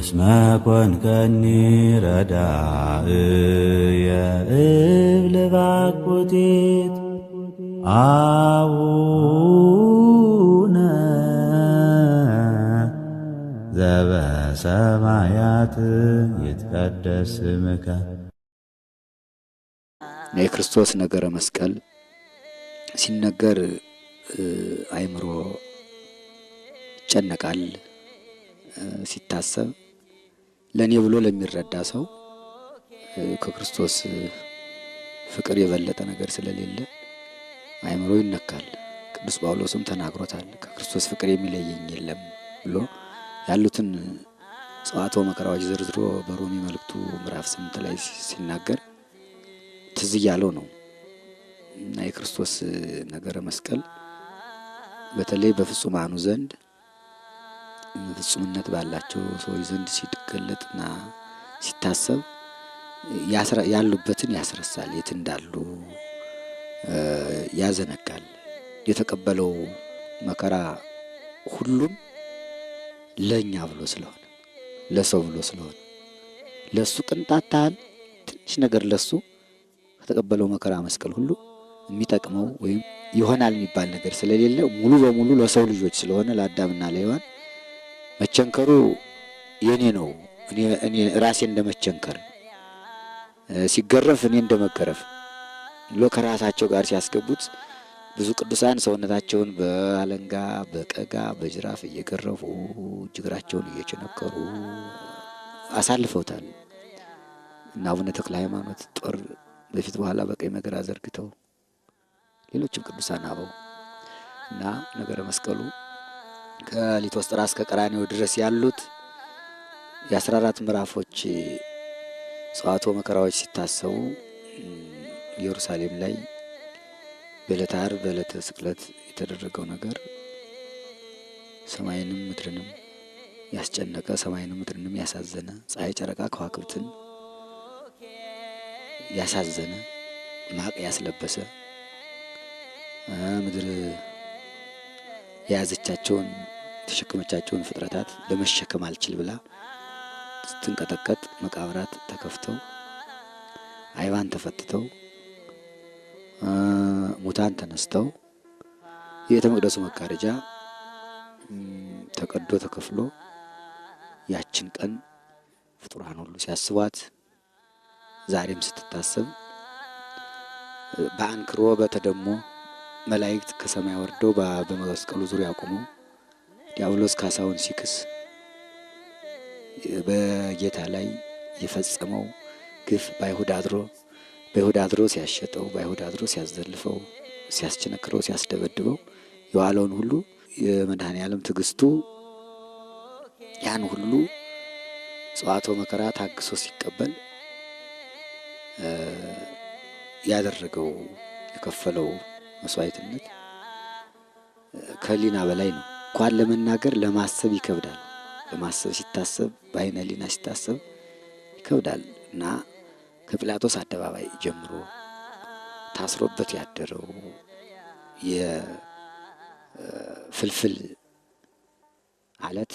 እስመ ኮንከኒ ረዳእየ እብለ ባኩቴት አቡነ ዘበሰማያት ይትቀደስ ስምከ። የክርስቶስ ነገረ መስቀል ሲነገር አእምሮ ይጨነቃል ሲታሰብ ለእኔ ብሎ ለሚረዳ ሰው ከክርስቶስ ፍቅር የበለጠ ነገር ስለሌለ አእምሮ ይነካል። ቅዱስ ጳውሎስም ተናግሮታል። ከክርስቶስ ፍቅር የሚለየኝ የለም ብሎ ያሉትን ጸዋቶ መከራዎች ዘርዝሮ በሮሚ መልእክቱ ምዕራፍ ስምንት ላይ ሲናገር ትዝ እያለው ነው እና የክርስቶስ ነገረ መስቀል በተለይ በፍጹማኑ ዘንድ ፍጹምነት ባላቸው ሰዎች ዘንድ ሲገለጥና ሲታሰብ ያሉበትን ያስረሳል፣ የት እንዳሉ ያዘነጋል። የተቀበለው መከራ ሁሉም ለእኛ ብሎ ስለሆነ ለሰው ብሎ ስለሆነ ለእሱ ቅንጣት ታህል ትንሽ ነገር ለሱ ከተቀበለው መከራ መስቀል ሁሉ የሚጠቅመው ወይም ይሆናል የሚባል ነገር ስለሌለ ሙሉ በሙሉ ለሰው ልጆች ስለሆነ ለአዳምና ለሔዋን መቸንከሩ የኔ ነው። እኔ ራሴ እንደ መቸንከር ሲገረፍ እኔ እንደ መገረፍ ብሎ ከራሳቸው ጋር ሲያስገቡት ብዙ ቅዱሳን ሰውነታቸውን በአለንጋ በቀጋ በጅራፍ እየገረፉ ጅግራቸውን እየቸነከሩ አሳልፈውታል እና አቡነ ተክለ ሃይማኖት ጦር በፊት በኋላ በቀይ መገራ ዘርግተው ሌሎችም ቅዱሳን አበው እና ነገረ መስቀሉ ከሊቶስጥራ እስከ ቀራኒዮ ድረስ ያሉት የአስራ አራት ምዕራፎች ጸዋቶ መከራዎች ሲታሰቡ ኢየሩሳሌም ላይ በዕለተ ዓርብ በዕለተ ስቅለት የተደረገው ነገር ሰማይንም ምድርንም ያስጨነቀ ሰማይንም ምድርንም ያሳዘነ ፀሐይ፣ ጨረቃ፣ ከዋክብትን ያሳዘነ ማቅ ያስለበሰ ምድር የያዘቻቸውን ተሸክመቻቸውን ፍጥረታት ለመሸከም አልችል ብላ ስትንቀጠቀጥ መቃብራት ተከፍተው አይባን ተፈትተው ሙታን ተነስተው የቤተ መቅደሱ መጋረጃ ተቀዶ ተከፍሎ ያችን ቀን ፍጡራን ሁሉ ሲያስቧት ዛሬም ስትታሰብ በአንክሮ በተደሞ መላእክት ከሰማይ ወርደው በመስቀሉ ዙሪያ ቆመው ዲያብሎስ ካሳውን ሲክስ በጌታ ላይ የፈጸመው ግፍ በአይሁድ አድሮ በይሁዳ አድሮ ሲያሸጠው በይሁዳ አድሮ ሲያዘልፈው ሲያስቸነክረው ሲያስደበድበው የዋለውን ሁሉ የመድኃኔ ዓለም ትዕግስቱ ያን ሁሉ ጽዋቶ መከራ ታግሶ ሲቀበል ያደረገው የከፈለው መስዋዕትነት ከህሊና በላይ ነው። እንኳን ለመናገር ለማሰብ ይከብዳል። ለማሰብ ሲታሰብ በአይነ ህሊና ሲታሰብ ይከብዳል እና ከጲላጦስ አደባባይ ጀምሮ ታስሮበት ያደረው የፍልፍል አለት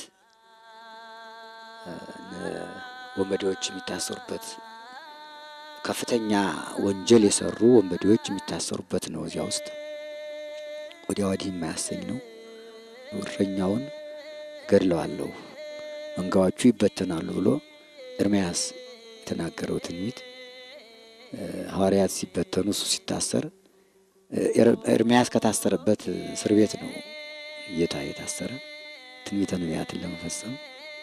ወንበዴዎች የሚታሰሩበት ከፍተኛ ወንጀል የሰሩ ወንበዴዎች የሚታሰሩበት ነው። እዚያ ውስጥ ወዲያ ወዲህ የማያሰኝ ነው። እረኛውን ገድለዋለሁ፣ መንጋዎቹ ይበተናሉ ብሎ ኤርምያስ የተናገረው ትንቢት ሐዋርያት ሲበተኑ እሱ ሲታሰር ኤርምያስ ከታሰረበት እስር ቤት ነው ጌታ የታሰረ ትንቢተ ነቢያትን ለመፈጸም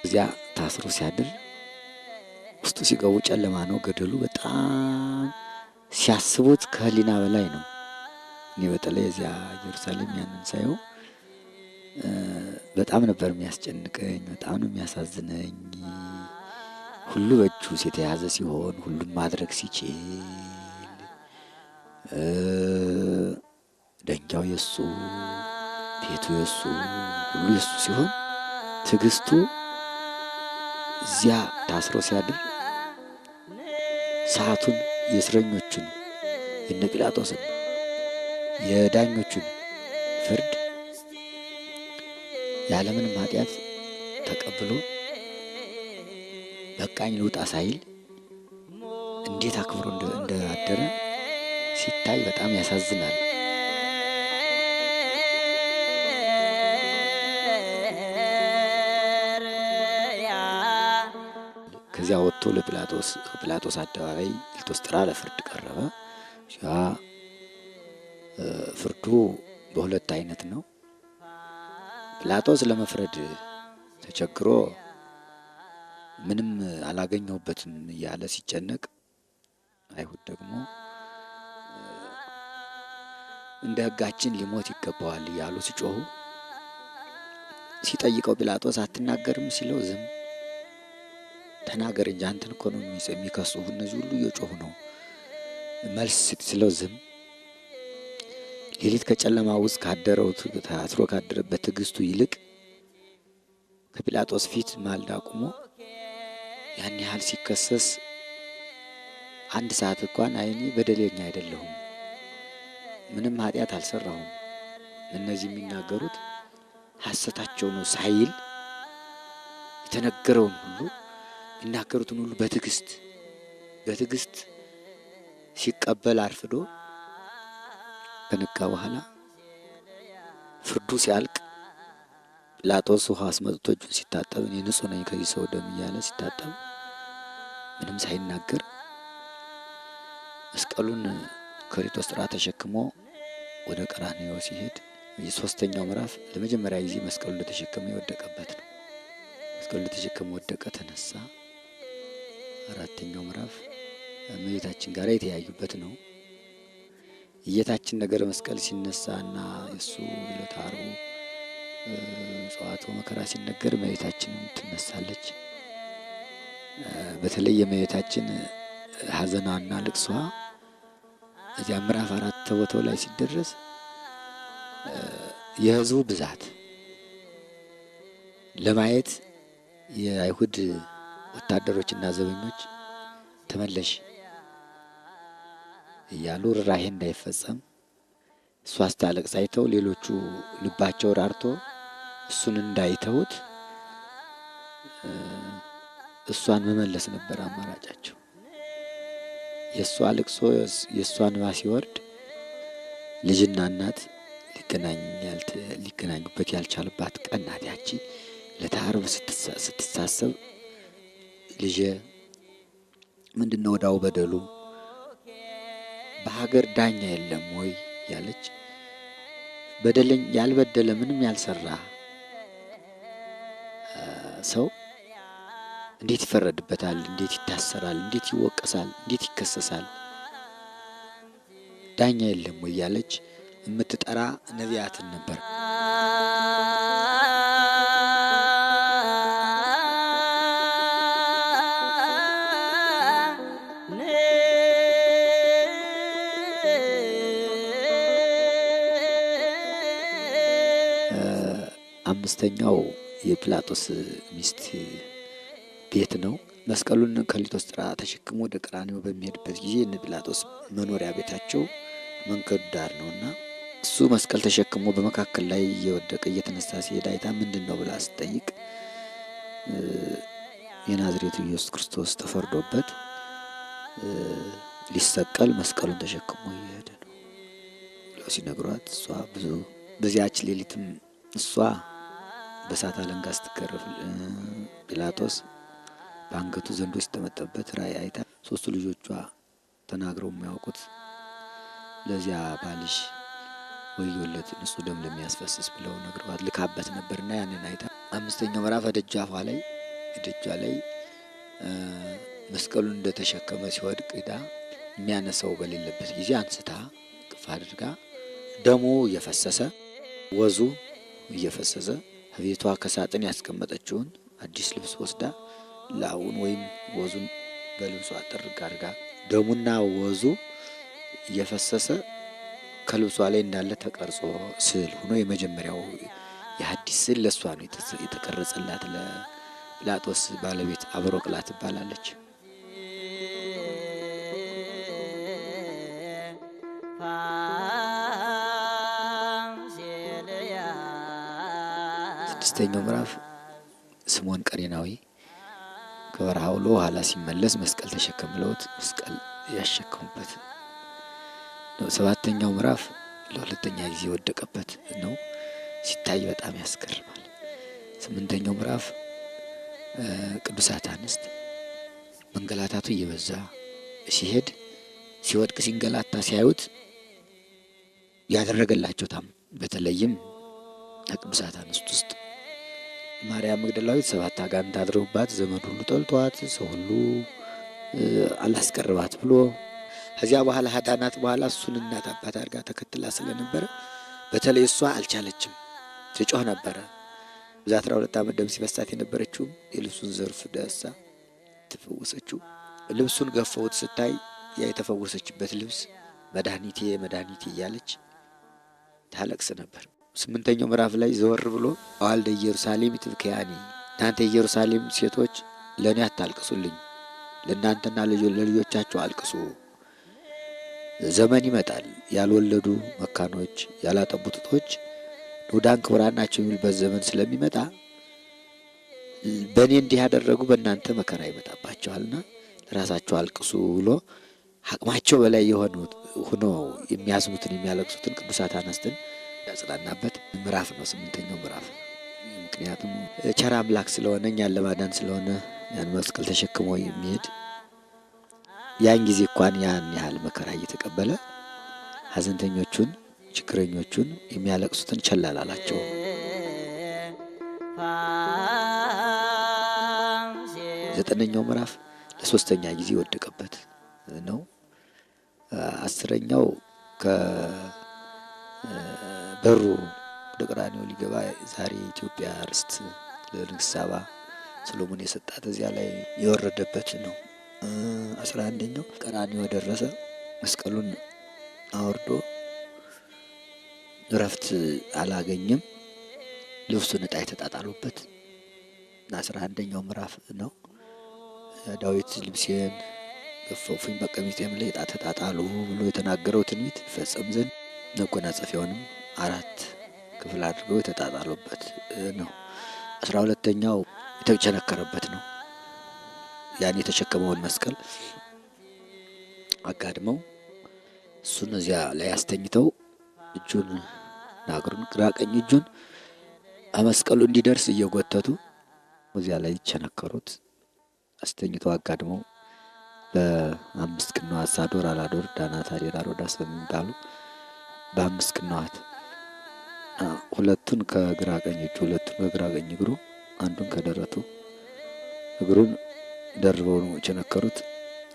እዚያ ታስሮ ሲያድር ውስጡ ሲገቡ ጨለማ ነው ገደሉ። በጣም ሲያስቡት ከህሊና በላይ ነው። እኔ በተለይ እዚያ ኢየሩሳሌም ያንን ሳየው በጣም ነበር የሚያስጨንቀኝ፣ በጣም ነው የሚያሳዝነኝ። ሁሉ በእጁ የተያዘ ሲሆን ሁሉም ማድረግ ሲችል ደንጃው የሱ ቤቱ የሱ ሁሉ የሱ ሲሆን ትዕግስቱ እዚያ ታስሮ ሲያድር ሰዓቱን የእስረኞቹን የነ ጲላጦስን የዳኞቹን ፍርድ የዓለምንም ኃጢአት ተቀብሎ በቃኝ ልውጣ ሳይል እንዴት አክብሮ እንዳደረ ሲታይ በጣም ያሳዝናል። ከዚያ ወጥቶ ለጲላጦስ አደባባይ ሊቶስጥራ ለፍርድ ቀረበ። ያ ፍርዱ በሁለት አይነት ነው። ጲላጦስ ለመፍረድ ተቸግሮ ምንም አላገኘሁበትም እያለ ሲጨነቅ፣ አይሁድ ደግሞ እንደ ሕጋችን ሊሞት ይገባዋል እያሉ ሲጮሁ ሲጠይቀው ጲላጦስ አትናገርም ሲለው ዝም ተናገር እንጂ አንተን እኮ ነው የሚከሱ። እነዚህ ሁሉ እየጮሁ ነው። መልስ ስለው ዝም ሌሊት ከጨለማ ውስጥ ካደረው ታስሮ ካደረበት ትዕግስቱ ይልቅ ከጲላጦስ ፊት ማልዳ ቁሞ ያን ያህል ሲከሰስ አንድ ሰዓት እንኳን አይኔ በደለኛ አይደለሁም፣ ምንም ኃጢአት አልሰራሁም፣ እነዚህ የሚናገሩት ሐሰታቸው ነው ሳይል የተነገረውን ሁሉ የሚናገሩትን ሁሉ በትዕግስት በትዕግስት ሲቀበል አርፍዶ ከነጋ በኋላ ፍርዱ ሲያልቅ ጲላጦስ ውሃ አስመጥቶ እጁን ሲታጠብ እኔ ንጹህ ነኝ ከዚህ ሰው ደም እያለ ሲታጠብ ምንም ሳይናገር መስቀሉን ከሬቶ ስራ ተሸክሞ ወደ ቀራንዮ ሲሄድ የሶስተኛው ምዕራፍ ለመጀመሪያ ጊዜ መስቀሉ እንደተሸከመ የወደቀበት ነው። መስቀሉ እንደተሸከመ ወደቀ፣ ተነሳ። አራተኛው ምዕራፍ እመቤታችን ጋር የተያዩበት ነው። እየታችን ነገረ መስቀል ሲነሳና እሱ ለታሩ ጽዋቶ መከራ ሲነገር እመቤታችን ትነሳለች። በተለይ የእመቤታችን ሐዘኗና ልቅሷ እዚያ ምዕራፍ አራት ተቦታው ላይ ሲደረስ የህዝቡ ብዛት ለማየት የአይሁድ ወታደሮችና ዘበኞች ተመለሽ እያሉ ርኅራኄ እንዳይፈጸም እሷ ስታለቅስ አይተው ሌሎቹ ልባቸው ራርቶ እሱን እንዳይተውት እሷን መመለስ ነበር አማራጫቸው። የእሷ ልቅሶ የእሷ እንባ ሲወርድ ልጅና እናት ሊገናኙበት ያልቻሉባት ቀናት ያቺ። ለታርብ ስትሳሰብ ልጄ ምንድን ነው ወዳው በደሉ በሀገር ዳኛ የለም ወይ ያለች በደለኝ ያልበደለ ምንም ያልሰራ ሰው እንዴት ይፈረድበታል? እንዴት ይታሰራል? እንዴት ይወቀሳል? እንዴት ይከሰሳል? ዳኛ የለም ወይ ያለች የምትጠራ ነቢያትን ነበር። አምስተኛው የጲላጦስ ሚስት ቤት ነው። መስቀሉን ከሊቶስጥራ ተሸክሞ ወደ ቀራንዮ በሚሄድበት ጊዜ እነ ጲላጦስ መኖሪያ ቤታቸው መንገዱ ዳር ነው እና እሱ መስቀል ተሸክሞ በመካከል ላይ እየወደቀ እየተነሳ ሲሄድ አይታ ምንድን ነው ብላ ስጠይቅ የናዝሬቱ ኢየሱስ ክርስቶስ ተፈርዶበት ሊሰቀል መስቀሉን ተሸክሞ እየሄደ ነው ብለው ሲነግሯት እሷ ብዙ በዚያች ሌሊትም እሷ በእሳት አለንጋ ስትገረፍ ጲላጦስ በአንገቱ ዘንዶ ሲጠመጠበት ራእይ አይታ ሶስቱ ልጆቿ ተናግረው የሚያውቁት ለዚያ ባልሽ ወዮለት ንጹሕ ደም ለሚያስፈስስ ብለው ነግረዋት ልካበት ነበርና ያንን አይታ አምስተኛው ምዕራፍ ደጃፏ ላይ ደጃ ላይ መስቀሉን እንደተሸከመ ሲወድቅ ዳ የሚያነሳው በሌለበት ጊዜ አንስታ ቅፍ አድርጋ ደሙ እየፈሰሰ ወዙ እየፈሰሰ ቤቷ ከሳጥን ያስቀመጠችውን አዲስ ልብስ ወስዳ ላውን ወይም ወዙን በልብሱ አጥር አድርጋ ደሙና ወዙ እየፈሰሰ ከልብሷ ላይ እንዳለ ተቀርጾ ስዕል ሆኖ የመጀመሪያው የሐዲስ ስዕል ለእሷ ነው የተቀረጸላት። ለጲላጦስ ባለቤት ቅላ ትባላለች። በአምስተኛው ምዕራፍ ስምዖን ቀሬናዊ ከበረሃ ውሎ ኋላ ሲመለስ መስቀል ተሸከምለውት መስቀል ያሸከሙበት ነው። ሰባተኛው ምዕራፍ ለሁለተኛ ጊዜ የወደቀበት ነው። ሲታይ በጣም ያስገርማል። ስምንተኛው ምዕራፍ ቅዱሳት አንስት መንገላታቱ እየበዛ ሲሄድ ሲወድቅ ሲንገላታ ሲያዩት ያደረገላቸው ታም በተለይም ከቅዱሳት አንስት ውስጥ ማርያም መግደላዊት ሰባት አጋንንት አድረውባት ዘመድ ሁሉ ጠልቷት ሰው ሁሉ አላስቀርባት ብሎ ከዚያ በኋላ ሀዳናት በኋላ እሱን እናት አባት አድርጋ ተከትላ ስለነበረ በተለይ እሷ አልቻለችም። ትጮህ ነበረ። እዛ አስራ ሁለት ዓመት ደም ሲፈሳት የነበረችው የልብሱን ዘርፍ ደሳ ተፈወሰችው። ልብሱን ገፈውት ስታይ ያ የተፈወሰችበት ልብስ መድኃኒቴ መድኃኒቴ እያለች ታለቅስ ነበር። ስምንተኛው ምዕራፍ ላይ ዘወር ብሎ አዋልደ ኢየሩሳሌም ይትብክያኒ፣ እናንተ የኢየሩሳሌም ሴቶች ለእኔ አታልቅሱልኝ፣ ለእናንተና ለልጆቻቸው አልቅሱ። ዘመን ይመጣል ያልወለዱ መካኖች፣ ያላጠቡ ጡቶች ንዑዳን ክቡራን ናቸው የሚልበት ዘመን ስለሚመጣ በእኔ እንዲህ ያደረጉ በእናንተ መከራ ይመጣባቸዋልና ለራሳቸው አልቅሱ ብሎ አቅማቸው በላይ የሆኑ ሁኖ የሚያዝኑትን የሚያለቅሱትን ቅዱሳት አነስትን ያጽናናበት ምዕራፍ ነው፣ ስምንተኛው ምዕራፍ። ምክንያቱም ቸር አምላክ ስለሆነ እኛን ለማዳን ስለሆነ ያን መስቀል ተሸክሞ የሚሄድ ያን ጊዜ እንኳን ያን ያህል መከራ እየተቀበለ ሐዘንተኞቹን፣ ችግረኞቹን፣ የሚያለቅሱትን ቸላል አላቸው። ዘጠነኛው ምዕራፍ ለሶስተኛ ጊዜ የወደቀበት ነው። አስረኛው ከ በሩ ወደ ቀራንዮ ሊገባ ዛሬ ኢትዮጵያ ርስት ለንግሥት ሳባ ሰሎሞን የሰጣት እዚያ ላይ የወረደበት ነው። አስራ አንደኛው ቀራንዮ ደረሰ። መስቀሉን አወርዶ እረፍት አላገኘም። ልብሱን ዕጣ የተጣጣሉበት አስራ አንደኛው ምዕራፍ ነው። ዳዊት ልብሴን ገፈፉኝ፣ በቀሚሴም ላይ ዕጣ ተጣጣሉ ብሎ የተናገረው ትንቢት ይፈጸም ዘንድ መጎናጸፊያውንም አራት ክፍል አድርገው የተጣጣሉበት ነው። አስራ ሁለተኛው የተቸነከረበት ነው። ያን የተሸከመውን መስቀል አጋድመው እሱን እዚያ ላይ አስተኝተው እጁን ናግሩን ግራ ቀኝ እጁን መስቀሉ እንዲደርስ እየጎተቱ እዚያ ላይ ይቸነከሩት አስተኝተው አጋድመው በአምስት ቅንዋት አሳዶር አላዶር፣ ዳናት፣ አዴራ፣ ሮዳስ በሚባሉ በአምስት ቅንዋት ሁለቱን ከግራ ቀኝ እጁ ሁለቱን ከግራ ቀኝ እግሩ አንዱን ከደረቱ እግሩን ደርበው ነው የቸነከሩት።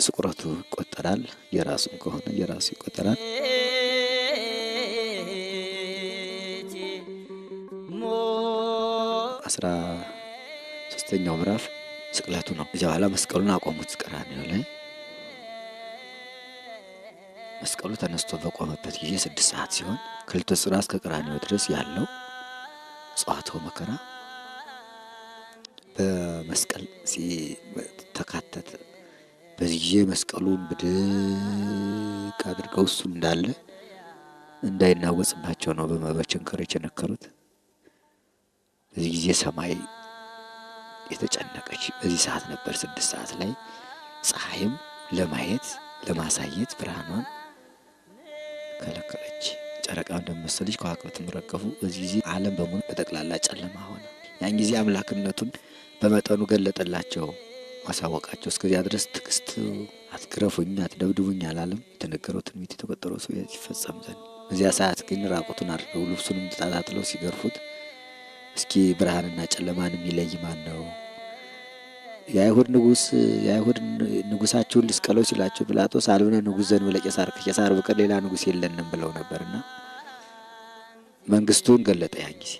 ስቁረቱ ይቆጠራል። የራሱም ከሆነ የራሱ ይቆጠራል። አስራ ሶስተኛው ምዕራፍ ስቅለቱ ነው። እዚያ በኋላ መስቀሉን አቆሙት ቀራንዮ ላይ መስቀሉ ተነስቶ በቆመበት ጊዜ ስድስት ሰዓት ሲሆን ክልተ ጽርሐ እስከ ቀራንዮ ድረስ ያለው ጽዋቶ መከራ በመስቀል ተካተተ። በዚህ ጊዜ መስቀሉን ብድቅ አድርገው እሱ እንዳለ እንዳይናወጽባቸው ነው በመበቸንከር የቸነከሩት። በዚህ ጊዜ ሰማይ የተጨነቀች በዚህ ሰዓት ነበር፣ ስድስት ሰዓት ላይ ፀሐይም ለማየት ለማሳየት ብርሃኗን ከለከለች። ጨረቃ እንደመሰለች ከዋክብትም ረገፉ። በዚህ ጊዜ ዓለም በሙሉ በጠቅላላ ጨለማ ሆነ። ያን ጊዜ አምላክነቱን በመጠኑ ገለጠላቸው፣ ማሳወቃቸው። እስከዚያ ድረስ ትዕግስት አትግረፉኝ፣ አትደብድቡኝ አላለም። የተነገረው ትንቢት የተቆጠረው ሰው ይፈጸም ዘንድ። በዚያ ሰዓት ግን ራቁቱን አድርገው ልብሱንም ተጣጣጥለው ሲገርፉት እስኪ ብርሃንና ጨለማን የሚለይ ማን ነው? የአይሁድ ንጉስ የአይሁድ ንጉሳችሁን ልስቀለው ሲላቸው ጲላጦስ አልብነ ንጉስ ዘን ለቄሳር ከቄሳር በቀር ሌላ ንጉስ የለንም ብለው ነበርና መንግስቱን ገለጠ። ያን ጊዜ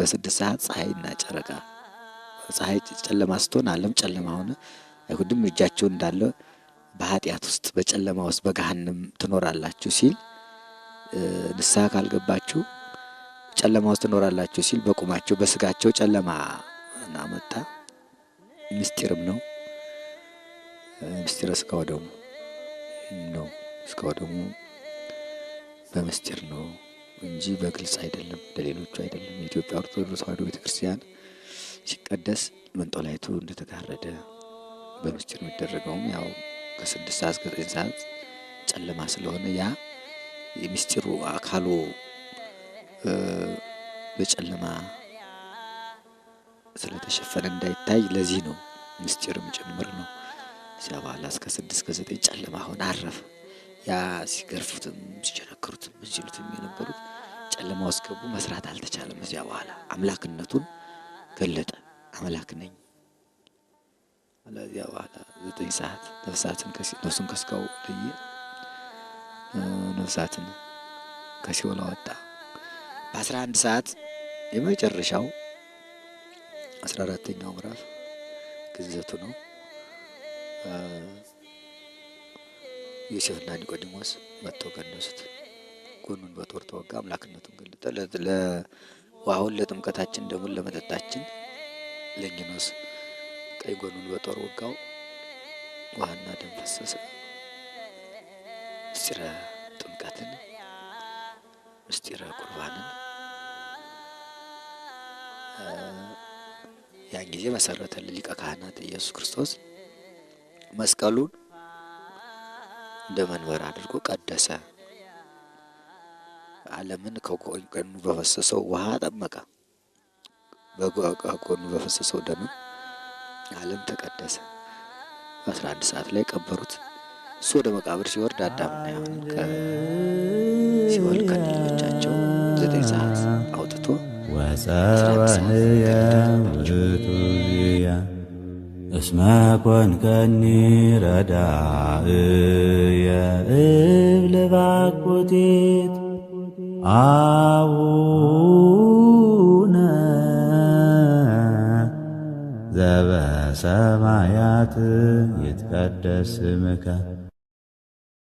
በስድስት ሰዓት ፀሐይና ጨረቃ ፀሐይ ጨለማ ስትሆን አለም ጨለማ ሆነ። አይሁድም እጃቸው እንዳለ በኃጢአት ውስጥ በጨለማ ውስጥ በገሃንም ትኖራላችሁ ሲል ንስሐ ካልገባችሁ ጨለማ ውስጥ ትኖራላችሁ ሲል በቁማቸው በስጋቸው ጨለማ እና መጣ። ምስጢርም ነው። ምስጢረ ስጋው ወደሙ ነው። ስጋው ወደሙ በምስጢር ነው እንጂ በግልጽ አይደለም፣ ለሌሎቹ አይደለም። የኢትዮጵያ ኦርቶዶክስ ተዋሕዶ ቤተክርስቲያን ሲቀደስ መንጦላይቱ እንደተጋረደ በምስጢር የሚደረገውም ያው ከስድስት ሰዓት እስከ ዘጠኝ ሰዓት ጨለማ ስለሆነ ያ የሚስጢሩ አካሉ በጨለማ ስለተሸፈነ እንዳይታይ ለዚህ ነው ምስጢርም ጭምር ነው። እዚያ በኋላ እስከ ስድስት ከዘጠኝ ጨለማ ሆነ አረፈ። ያ ሲገርፉትም ሲቸነክሩትም ምን ሲሉትም የነበሩት ጨለማ ውስጥ ገቡ። መስራት አልተቻለም። እዚያ በኋላ አምላክነቱን ገለጠ። አምላክ ነኝ። ከዚያ በኋላ ዘጠኝ ሰዓት ነፍሳትን ነፍሱን ከስጋው ለየ። ነፍሳትን ከሲኦል አወጣ። በአስራ አንድ ሰዓት የመጨረሻው አስራ አራተኛው ምዕራፍ ግዘቱ ነው። ዮሴፍና ኒቆዲሞስ መጥተው ገነሱት። ጎኑን በጦር ተወጋ፣ አምላክነቱን ገለጠ። ለውሃውን ለጥምቀታችን፣ ደሙን ለመጠጣችን። ለንጊኖስ ቀይ ጎኑን በጦር ወጋው፣ ውሃና ደም ፈሰሰ። ምስጢረ ጥምቀትን፣ ምስጢረ ቁርባንን ያን ጊዜ መሰረተልን ሊቀ ካህናት ኢየሱስ ክርስቶስ መስቀሉን እንደ መንበር አድርጎ ቀደሰ። ዓለምን ከጎኑ በፈሰሰው ውሃ ጠመቀ። ከጎኑ በፈሰሰው ደም ዓለም ተቀደሰ። በአስራ አንድ ሰዓት ላይ ቀበሩት። እሱ ወደ መቃብር ሲወርድ አዳምና ሔዋንን ሲወል ከልጆቻቸው ዘጠኝ ሰዓት አውጥቶ ወፀባንያ ውእቱዝያ እስመ ኮንከኒ ረዳእየ እብለ ባኩቲት አቡነ ዘበሰማያት ይትቀደስ ስምከ